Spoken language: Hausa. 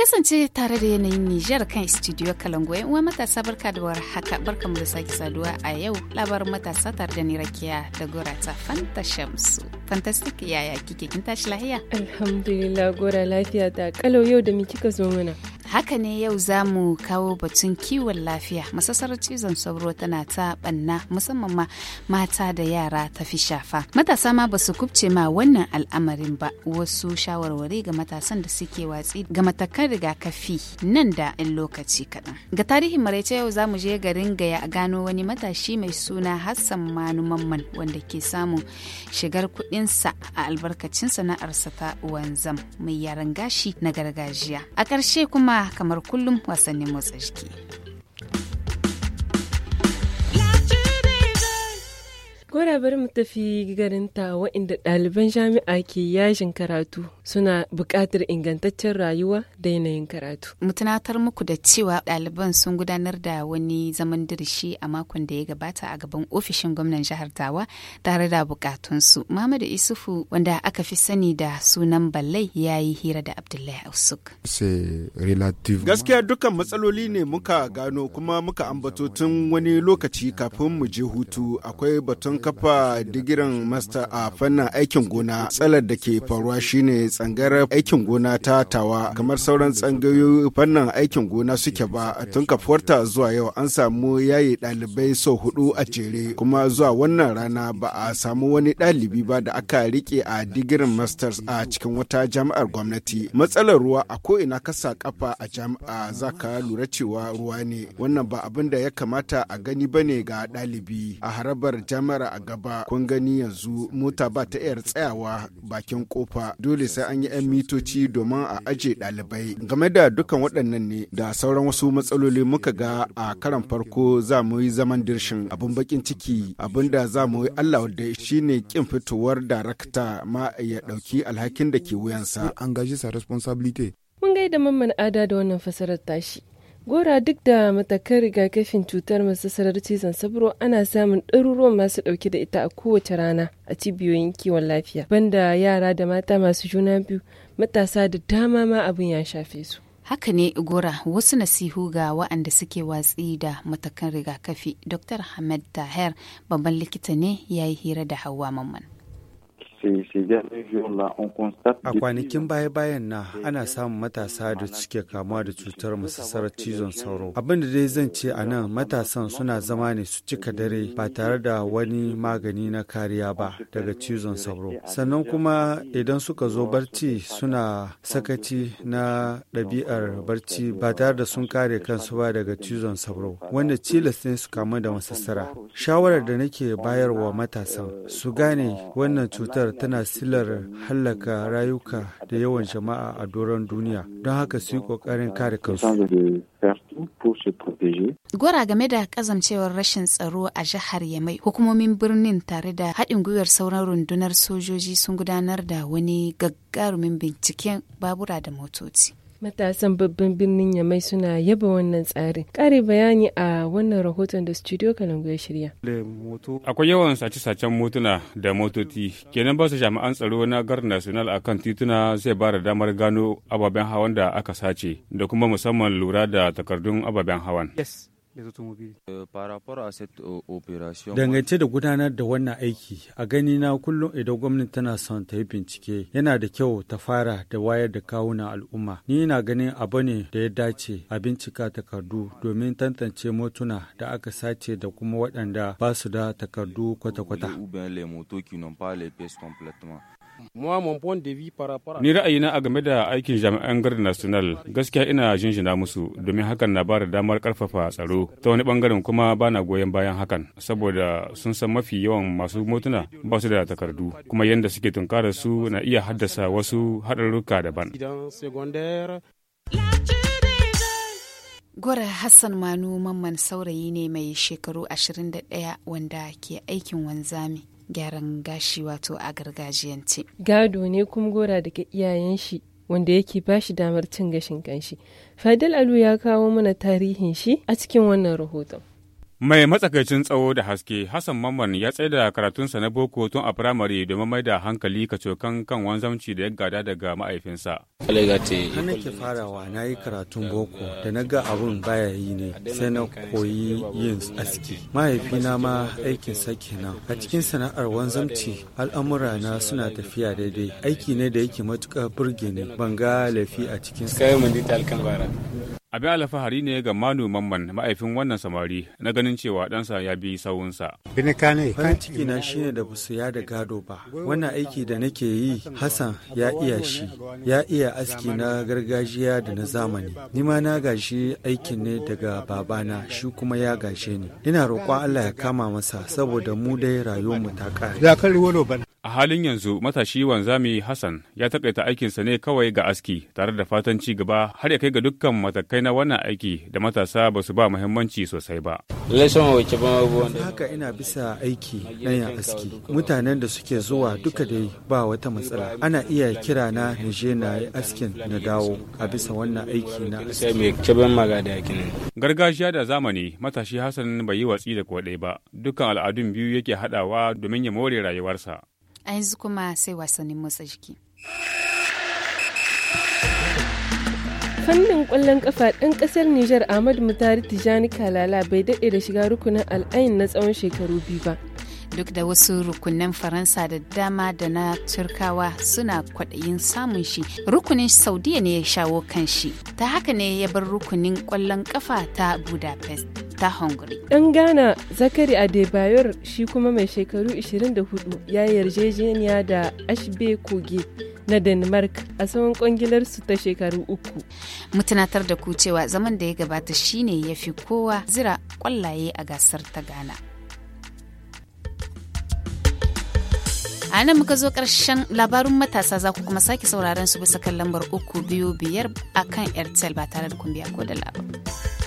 kasance tare da yanayin Nijar kan studio Kalango yan uwa matasa barka da war haka barka mu da sake saduwa a yau labarin matasa tare da Nirakiya da Gora ta Fanta Shamsu. Fantastic yaya kike kin tashi lahiya? Alhamdulillah Gora lafiya ta kalau yau da mi kika zo mana. haka ne yau za mu kawo batun kiwon lafiya masasar cizon sauro tana ta banna musamman ma mata da yara ta fi shafa matasa ma ba su kubce ma wannan al'amarin ba wasu shawarwari ga matasan da suke watsi ga matakan rigakafi nan da in lokaci kaɗan ga tarihin maraice yau za mu je garin gaya a gano wani matashi mai suna hassan manu mamman wanda ke samun shigar kuɗinsa a albarkacin sana'arsa ta wanzam mai yaran gashi na gargajiya a ƙarshe kuma kuma kamar kullum wasannin motsa jiki. Madalla bari mu tafi garinta waɗanda ɗaliban jami'a ke yajin karatu suna buƙatar ingantaccen rayuwa da yanayin karatu. Mu tunatar muku da cewa ɗaliban sun gudanar da wani zaman dirishi a makon da ya gabata a gaban ofishin gwamnan jihar Tawa tare da buƙatunsu. mamadu Isufu wanda aka fi sani da sunan Ballai ya yi hira da Abdullahi Ausuk. Gaskiya dukkan matsaloli ne muka gano kuma muka ambato tun wani lokaci kafin mu je hutu akwai batun kafa rufa digirin masta a fannin aikin gona tsalar da ke faruwa shine tsangarar aikin gona ta tawa kamar sauran tsangayoyi fannin aikin gona suke ba tun kafuwarta zuwa yau an samu yayi dalibai sau hudu a jere kuma zuwa wannan rana ba a samu wani dalibi ba da aka rike a digirin masters a cikin wata jami'ar gwamnati matsalar ruwa a ko ko'ina kasa kafa a jami'a za ka lura cewa ruwa ne wannan ba abin da ya kamata a gani bane ga dalibi a harabar jami'ar a gaba kun gani yanzu mota ba ta iya tsayawa bakin kofa dole sai an yi 'yan mitoci domin a aje ɗalibai game da dukan waɗannan ne da sauran wasu matsaloli muka ga a karan farko za mu yi zaman dirshin abun bakin ciki abin da za mu yi allah da ne kin fitowar darakta ma ya ɗauki alhakin da ke wuyansa. sa Mun gaida mamman ada da wannan fasarar tashi. Gora duk da matakan rigakafin cutar masasarar cizon sabro ana samun ɗaruruwan masu ɗauke da ita a kowace rana a cibiyoyin kiwon lafiya. Banda yara da mata masu juna biyu matasa da dama ma abin ya shafe su. Haka ne Gora wasu nasihu ga waɗanda suke watsi da matakan rigakafi. Dr. Hamad Taher babban likita ne ya yi hira da Hauwa Mamman. A kwanakin baya-bayan na ana samun matasa da suke kamuwa da cutar masassarar cizon sauro. abinda dai zan ce a nan matasan suna zama ne su cika dare ba tare da wani magani na kariya ba daga cizon sauro. Sannan kuma idan suka zo barci suna sakaci euh, na euh, ɗabi'ar euh, barci ba tare da sun kare kansu ba daga cizon sauro wanda cilas ne su kamu da masassara. Shawarar da nake bayarwa matasan su gane wannan cutar tana silar hallaka rayuka da yawan jama'a a doron duniya don haka su yi ƙoƙarin kare kansu. Gwara game da kazancewar rashin tsaro a jihar Yamai, hukumomin birnin tare da haɗin gwiwar sauran rundunar sojoji sun gudanar da wani gagarumin binciken babura da motoci. Matasan babban birnin Yamai suna yaba wannan tsarin. Ƙari bayani a wannan rahoton da Studio Kalangu ya shirya. Akwai yawan sace-sacen motuna da motoci, kenan ba su jami'an tsaro na gar national a kan tituna zai ba da damar gano ababen hawan da aka sace da kuma musamman lura da takardun ababen hawan. Euh, euh, Dangance da gudanar da wannan aiki, a gani na kullum idan gwamnati tana son ta yi bincike, yana da kyau ta fara da wayar da kawunan al'umma. Ni na ganin abu ne da ya dace a bincika takardu domin tantance motuna da aka sace da kuma waɗanda ba su da takardu kwata-kwata. Ni ra'ayina a game da aikin jami'an Garda National gaskiya ina jinjina musu domin hakan na bada damar karfafa tsaro ta wani bangaren kuma bana goyon bayan hakan saboda sun san mafi yawan masu motuna ba su da takardu kuma yadda suke tunkarar su na iya haddasa wasu haɗarruka daban. Gwara Hassan Manu Mamman saurayi ne mai shekaru 21 wanda ke aikin wanzami. gyaran gashi wato a gargajiyance. Gado ne kuma gora daga iyayen shi wanda yake ba shi damar cin gashin kanshi. Fadil Alu ya kawo mana tarihin shi a cikin wannan rahoton. Mai matsakaicin tsawo da haske, Hassan Mamman ya da karatunsa na boko tun a firamare domin mai da hankali ka kacokan kan wanzamci da ya gada daga ma'aifinsa. na ke farawa na yi karatun boko da na ga abun baya yi ne sai na koyi yin aski. Mahaifina ma aikin sa nan A cikin sana'ar wanzamci al'amura na suna tafiya daidai. Aiki ne da yake matuƙar burge ne ban ga laifi a cikin. Abin alfahari ne ga manoman man ma'aifin wannan samari na ganin cewa ɗansa ya bi sawunsa. Farin ciki na shi ne da ba su yada gado ba. Wannan aiki da nake yi Hassan ya iya shi, ya iya aski na gargajiya da na zamani. Ni ma na gashi aikin ne daga babana shi kuma ya gashe ni. Ina roƙon Allah ya kama masa saboda mu dai rayuwar mu ta ƙare. A halin yanzu matashi wanzami Hassan ya taƙaita aikinsa ne kawai ga aski tare da fatan ci gaba har ya kai ga dukkan matakai na wannan aiki da matasa ba su ba muhimmanci sosai ba. Haka ina bisa aiki na yin aski. Mutanen da suke zuwa duka dai ba wata matsala. Ana iya kira na nije na yi askin na dawo a bisa wannan aiki na aski. Gargajiya da zamani matashi Hassan bai yi watsi da kwaɗai ba. Dukkan al'adun biyu yake haɗawa domin ya more rayuwarsa. A yanzu kuma sai wasannin motsa jiki. fannin ƙwallon ƙafa ɗan ƙasar Nijar Ahmad Mutari Tijani Kalala bai daɗe da shiga rukunin al'ayin na tsawon shekaru biyu ba. Duk da wasu rukunin Faransa da dama da na Turkawa suna kwaɗayin samun shi, rukunin Saudiya ne ya shawo kan shi, ta haka ne ya bar rukunin ƙwallon ƙafa ta Budapest. ta Hungary. Ɗan Ghana Zakari Adebayor shi kuma mai shekaru 24 ya yarjejeniya da ashbe Kogi na Denmark a tsawon kwangilarsu ta shekaru uku. mutunatar da ku cewa zaman da ya gabata shine ya fi kowa zira kwallaye a gasar ta Ghana. a nan muka zo karshen labarun matasa za ku kuma sake sauraron su bisa kan lambar uku biyu biyar a kan airtel ba tare da kumbiya ko da labar.